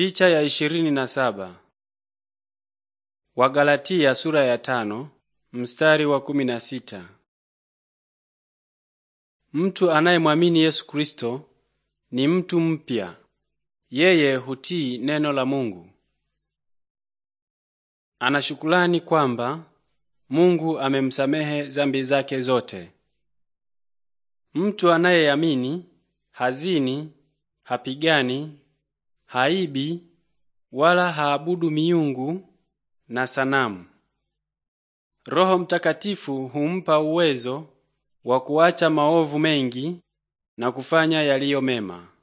Picha ya ishirini na saba. Wagalatia sura ya tano, mstari wa kumi na sita. Mtu anayemwamini Yesu Kristo ni mtu mpya. Yeye hutii neno la Mungu. Anashukulani kwamba Mungu amemsamehe zambi zake zote. Mtu anayeamini hazini, hapigani haibi wala haabudu miungu na sanamu. Roho Mtakatifu humpa uwezo wa kuacha maovu mengi na kufanya yaliyo mema.